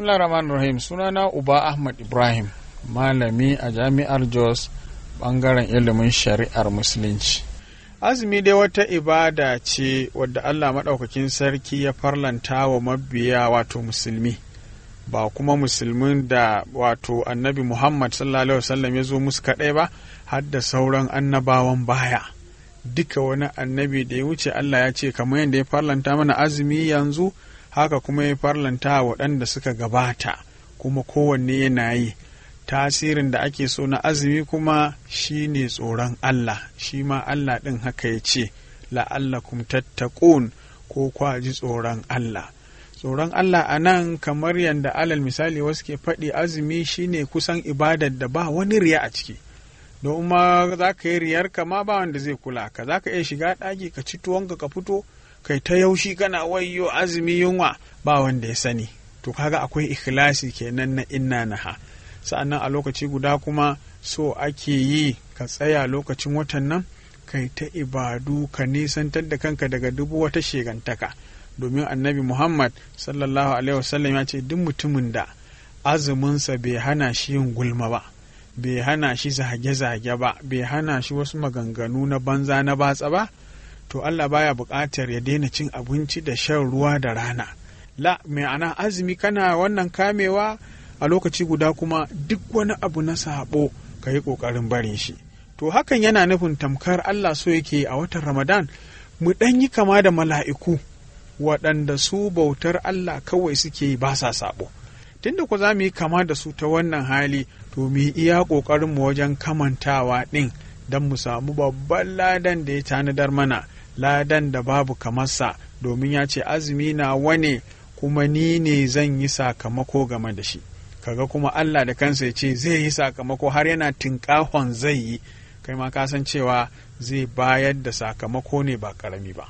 bismillah rahman rahim sunana uba ahmad ibrahim malami a jami'ar jos bangaren ilimin shari'ar musulunci azumi dai wata ibada ce wadda allah maɗaukakin sarki ya farlanta wa mabiya wato musulmi ba kuma musulmin da wato annabi muhammad sallallahu alaihi wasallam ya zo musu kaɗai ba har da sauran annabawan baya duka wani annabi da ya wuce allah ya ce kamar yadda ya farlanta mana azumi yanzu haka kuma ya farlanta waɗanda suka gabata kuma kowanne yana yi tasirin da ake so na azumi kuma shi ne tsoron Allah shi ma Allah ɗin haka ya ce la'allakum tattaqun ko kwa ji tsoron Allah tsoron Allah a nan kamar yadda alal misali wasu ke faɗi azumi shi ne kusan ibadar da ba wani riya a ciki don ma za ka yi riyar ka ba wanda zai kula ka za ka iya shiga ɗaki ka ci tuwonka ka fito kai ta yaushi kana wayo azumi yunwa ba wanda ya sani to kaga akwai ikhlasi kenan na inna naha sa'annan a lokaci guda kuma so ake yi ka tsaya lokacin watan nan kai ta ibadu ka nisantar da kanka daga dubu wata shegantaka domin annabi muhammad sallallahu alaihi wasallam ya ce duk mutumin da azuminsa bai hana shi yin gulma ba bai hana shi zage-zage ba bai hana shi wasu maganganu na banza na batsa ba to Allah baya buƙatar ya daina cin abinci da shan ruwa da rana la mai ana azumi kana wannan kamewa a lokaci guda kuma duk wani abu na sabo ka yi ƙoƙarin barin shi to hakan yana nufin tamkar Allah so yake a watan Ramadan mu ɗan yi kama da mala'iku waɗanda su bautar Allah kawai suke yi ba sa sabo tunda ku za mu yi kama da su ta wannan hali to mu yi iya ƙoƙarinmu wajen kamantawa ɗin don mu samu babban ladan da ya tanadar mana ladan da babu kamarsa domin ya ce azumi na wane kuma ni ne zan yi sakamako game da shi kaga kuma Allah da kansa ya ce zai yi sakamako har yana tinkahon zai yi kai ma ka san cewa zai bayar da sakamako ne ba karami ba